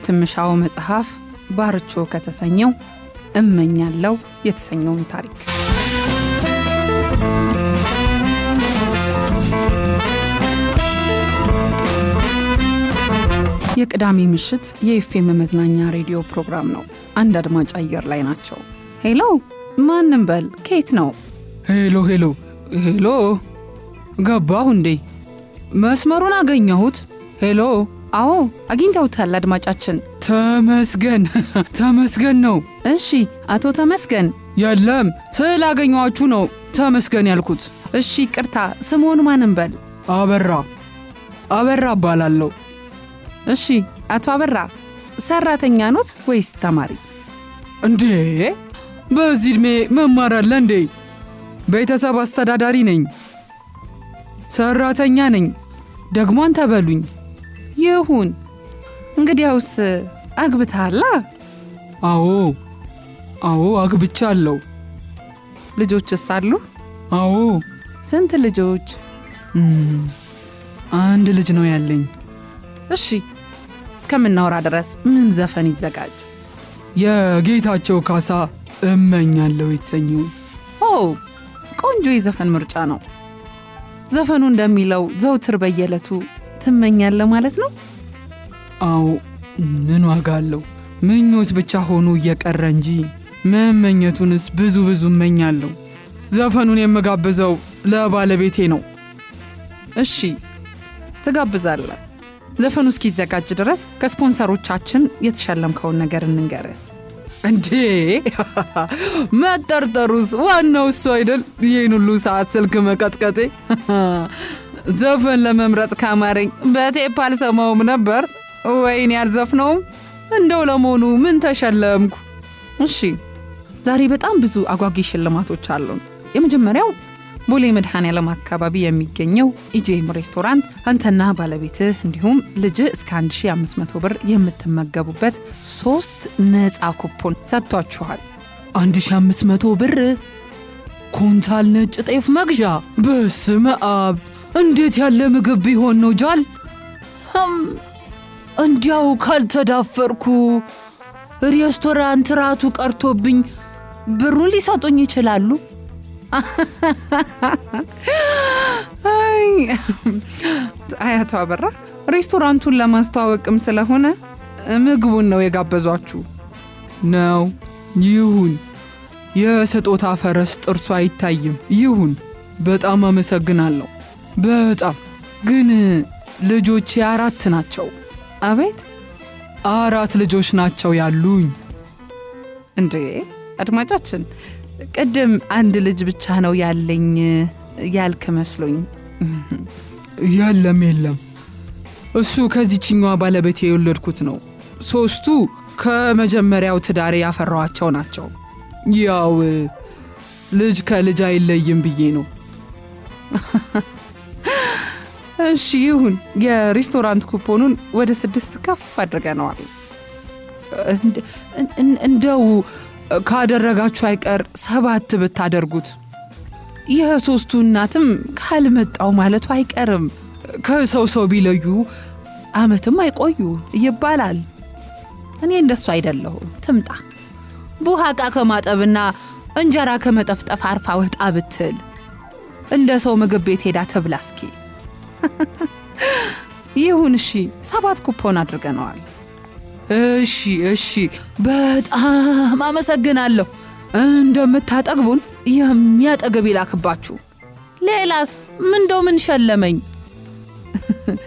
በትምሻው መጽሐፍ ባርቾ ከተሰኘው እመኛለው የተሰኘውን ታሪክ የቅዳሜ ምሽት የኤፍኤም መዝናኛ ሬዲዮ ፕሮግራም ነው። አንድ አድማጭ አየር ላይ ናቸው። ሄሎ ማንም በል ኬት ነው? ሄሎ ሄሎ ሄሎ ገባሁ እንዴ መስመሩን አገኘሁት። ሄሎ አዎ አግኝተውታል። አድማጫችን ተመስገን ተመስገን ነው። እሺ አቶ ተመስገን። የለም አገኘዋችሁ ነው ተመስገን ያልኩት። እሺ ቅርታ፣ ስምዎን ማን አበራ አበራ እባላለሁ። እሺ አቶ አበራ ሰራተኛ ኖት ወይስ ተማሪ? እንዴ በዚህ ዕድሜ መማር አለ እንዴ? ቤተሰብ አስተዳዳሪ ነኝ። ሰራተኛ ነኝ ደግሞ አንተ በሉኝ። ይሁን እንግዲያውስ አግብታላ? አዎ አዎ አግብቻ አለው። ልጆችስ አሉ? አዎ። ስንት ልጆች? አንድ ልጅ ነው ያለኝ። እሺ እስከምናወራ ድረስ ምን ዘፈን ይዘጋጅ? የጌታቸው ካሳ እመኛለሁ የተሰኘው። ኦ ቆንጆ የዘፈን ምርጫ ነው። ዘፈኑ እንደሚለው ዘውትር በየለቱ ትመኛለ ማለት ነው? አዎ፣ ምን ዋጋ አለው? ምኞት ብቻ ሆኖ እየቀረ እንጂ መመኘቱንስ ብዙ ብዙ እመኛለሁ። ዘፈኑን የምጋብዘው ለባለቤቴ ነው። እሺ፣ ትጋብዛለህ። ዘፈኑ እስኪዘጋጅ ድረስ ከስፖንሰሮቻችን የተሸለምከውን ነገር እንንገር። እንዴ መጠርጠሩስ? ዋናው እሱ አይደል? ይህን ሁሉ ሰዓት ስልክ መቀጥቀጤ ዘፈን ለመምረጥ ካማረኝ በቴፕ አልሰማውም ነበር። ወይን ያልዘፍነውም። እንደው ለመሆኑ ምን ተሸለምኩ? እሺ፣ ዛሬ በጣም ብዙ አጓጊ ሽልማቶች አሉ። የመጀመሪያው ቦሌ መድኃኔዓለም አካባቢ የሚገኘው ኢጄም ሬስቶራንት አንተና ባለቤትህ እንዲሁም ልጅ እስከ 1500 ብር የምትመገቡበት ሶስት ነፃ ኩፖን ሰጥቷችኋል። 1500 ብር ኮንታል ነጭ ጤፍ መግዣ! በስም አብ እንዴት ያለ ምግብ ቢሆን ነው ጃል? እንዲያው ካልተዳፈርኩ ሬስቶራንት ራቱ ቀርቶብኝ ብሩን ሊሰጡኝ ይችላሉ። አያቷ አበራ ሬስቶራንቱን ለማስተዋወቅም ስለሆነ ምግቡን ነው የጋበዟችሁ። ነው ይሁን። የስጦታ ፈረስ ጥርሱ አይታይም። ይሁን። በጣም አመሰግናለሁ። በጣም ግን ልጆቼ አራት ናቸው። አቤት አራት ልጆች ናቸው ያሉኝ። እንዴ አድማጫችን፣ ቅድም አንድ ልጅ ብቻ ነው ያለኝ ያልክ መስሎኝ። የለም የለም፣ እሱ ከዚችኛዋ ባለቤት የወለድኩት ነው። ሶስቱ ከመጀመሪያው ትዳር ያፈራዋቸው ናቸው። ያው ልጅ ከልጅ አይለይም ብዬ ነው። እሺ ይሁን። የሬስቶራንት ኩፖኑን ወደ ስድስት ከፍ አድርገነዋል። እንደው ካደረጋችሁ አይቀር ሰባት ብታደርጉት የሶስቱ እናትም ካልመጣው ማለቱ አይቀርም። ከሰው ሰው ቢለዩ አመትም አይቆዩ ይባላል። እኔ እንደሱ አይደለሁም። ትምጣ ቡሃቃ ከማጠብና እንጀራ ከመጠፍጠፍ አርፋ ወጣ ብትል እንደ ሰው ምግብ ቤት ሄዳ ተብላስኪ እስኪ። ይሁን እሺ፣ ሰባት ኩፖን አድርገነዋል። እሺ እሺ፣ በጣም አመሰግናለሁ። እንደምታጠግቡን የሚያጠግብ ይላክባችሁ። ሌላስ ምንደው ምን ሸለመኝ?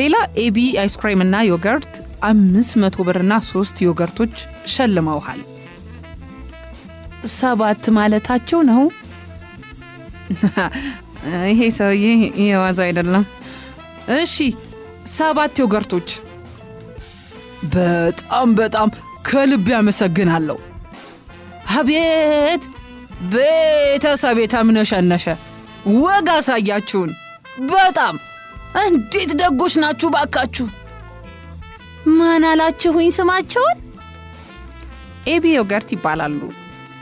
ሌላ ኤቢ አይስክሬም እና ዮገርት አምስት መቶ ብርና ሶስት ዮገርቶች ሸልመውሃል። ሰባት ማለታቸው ነው። ይሄ ሰውዬ የዋዛ አይደለም። እሺ ሰባት ዮገርቶች። በጣም በጣም ከልብ ያመሰግናለሁ። አቤት ቤተሰብ የተምነሸነሸ ወግ አሳያችሁን። በጣም እንዴት ደጎች ናችሁ ባካችሁ። ማን አላችሁኝ ስማቸውን? ኤቢ ዮገርት ይባላሉ።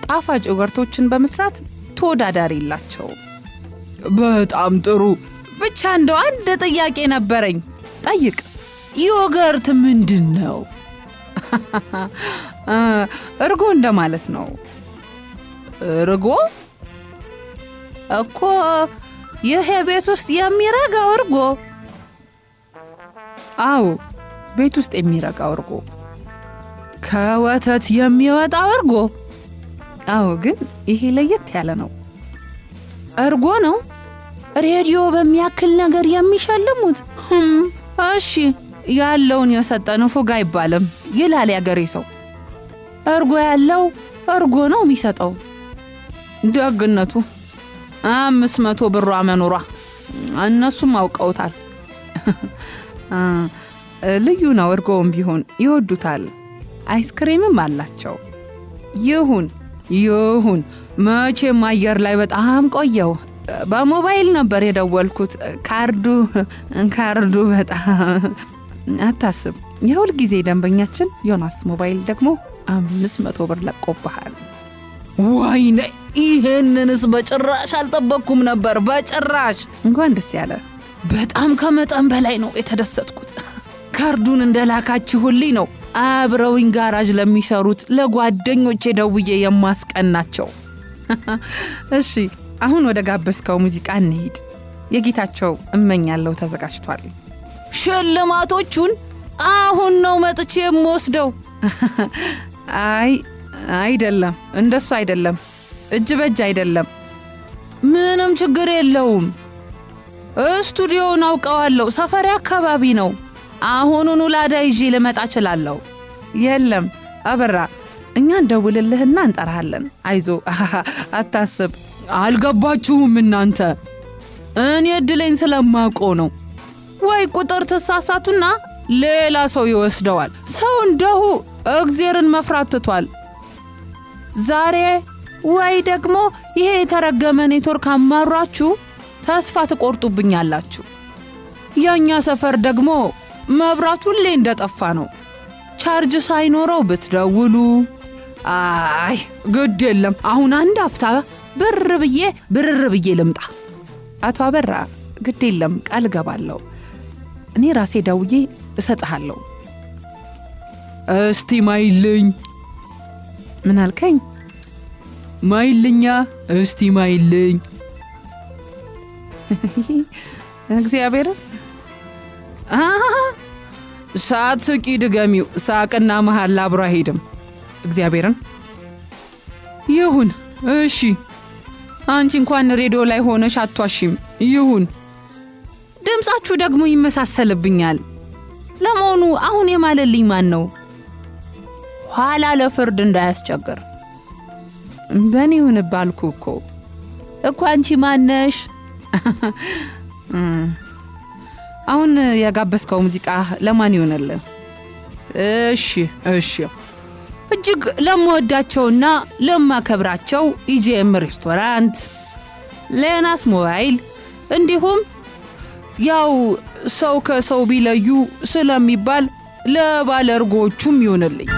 ጣፋጭ ዮገርቶችን በመስራት ተወዳዳሪ የላቸውም። በጣም ጥሩ። ብቻ እንደው አንድ ጥያቄ ነበረኝ። ጠይቅ። ዮገርት ምንድን ነው? እርጎ እንደማለት ነው። እርጎ እኮ ይህ የቤት ውስጥ የሚረጋው እርጎ። አዎ፣ ቤት ውስጥ የሚረጋው እርጎ፣ ከወተት የሚወጣው እርጎ። አዎ፣ ግን ይሄ ለየት ያለ ነው። እርጎ ነው ሬዲዮ በሚያክል ነገር የሚሸልሙት? እሺ ያለውን የሰጠን ፉግ አይባልም ይላል ያገሬ ሰው። እርጎ ያለው እርጎ ነው የሚሰጠው። ደግነቱ አምስት መቶ ብሯ መኖሯ እነሱም አውቀውታል። ልዩ ነው። እርጎውም ቢሆን ይወዱታል። አይስክሪምም አላቸው። ይሁን ይሁን፣ መቼም አየር ላይ በጣም ቆየው በሞባይል ነበር የደወልኩት። ካርዱ ካርዱ በጣም አታስብ። የሁል ጊዜ ደንበኛችን ዮናስ ሞባይል ደግሞ አምስት መቶ ብር ለቆብሃል። ወይኔ ይህንንስ በጭራሽ አልጠበቅኩም ነበር። በጭራሽ እንኳን ደስ ያለ። በጣም ከመጠን በላይ ነው የተደሰትኩት። ካርዱን እንደላካችሁልኝ ነው አብረውኝ ጋራዥ ለሚሰሩት ለጓደኞቼ ደውዬ የማስቀናቸው። እሺ አሁን ወደ ጋበዝከው ሙዚቃ እንሄድ የጌታቸው እመኛለሁ ተዘጋጅቷል። ሽልማቶቹን አሁን ነው መጥቼ የምወስደው። አይ አይደለም፣ እንደሱ አይደለም፣ እጅ በእጅ አይደለም። ምንም ችግር የለውም። ስቱዲዮውን አውቀዋለሁ፣ ሰፈሪ አካባቢ ነው። አሁኑኑ ላዳ ይዤ ልመጣ ችላለሁ የለም አበራ፣ እኛ እንደውልልህና እንጠራሃለን። አይዞ አታስብ። አልገባችሁም እናንተ። እኔ እድለኝ ስለማቆ ነው። ወይ ቁጥር ትሳሳቱና ሌላ ሰው ይወስደዋል። ሰው እንደሁ እግዜርን መፍራት ትቷል። ዛሬ ወይ ደግሞ ይሄ የተረገመ ኔትወርክ አማራችሁ ተስፋ ትቆርጡብኛላችሁ። የእኛ ሰፈር ደግሞ መብራት ሁሌ እንደጠፋ ነው። ቻርጅ ሳይኖረው ብትደውሉ አይ ግድ የለም። አሁን አንድ አፍታ ብር ብዬ ብርር ብዬ ልምጣ። አቶ አበራ ግድ የለም ቃል እገባለሁ፣ እኔ ራሴ ደውዬ እሰጥሃለሁ። እስቲ ማይልኝ። ምን አልከኝ? ማይልኛ። እስቲ ማይልኝ። እግዚአብሔር ሰዓት ስቂ፣ ድገሚው። ሳቅና መሃል አብሮ አይሄድም። እግዚአብሔርን ይሁን። እሺ አንቺ እንኳን ሬዲዮ ላይ ሆነሽ አቷሽም። ይሁን ድምፃችሁ ደግሞ ይመሳሰልብኛል። ለመሆኑ አሁን የማለልኝ ማን ነው? ኋላ ለፍርድ እንዳያስቸግር በእኔ ይሁን ባልኩ እኮ እኮ አንቺ ማነሽ? አሁን የጋበዝከው ሙዚቃ ለማን ይሆነልን? እሺ እሺ እጅግ ለምወዳቸውና ለማከብራቸው ኢጂኤም ሬስቶራንት፣ ሌናስ ሞባይል እንዲሁም ያው ሰው ከሰው ቢለዩ ስለሚባል ለባለርጎቹም ይሆንልኝ።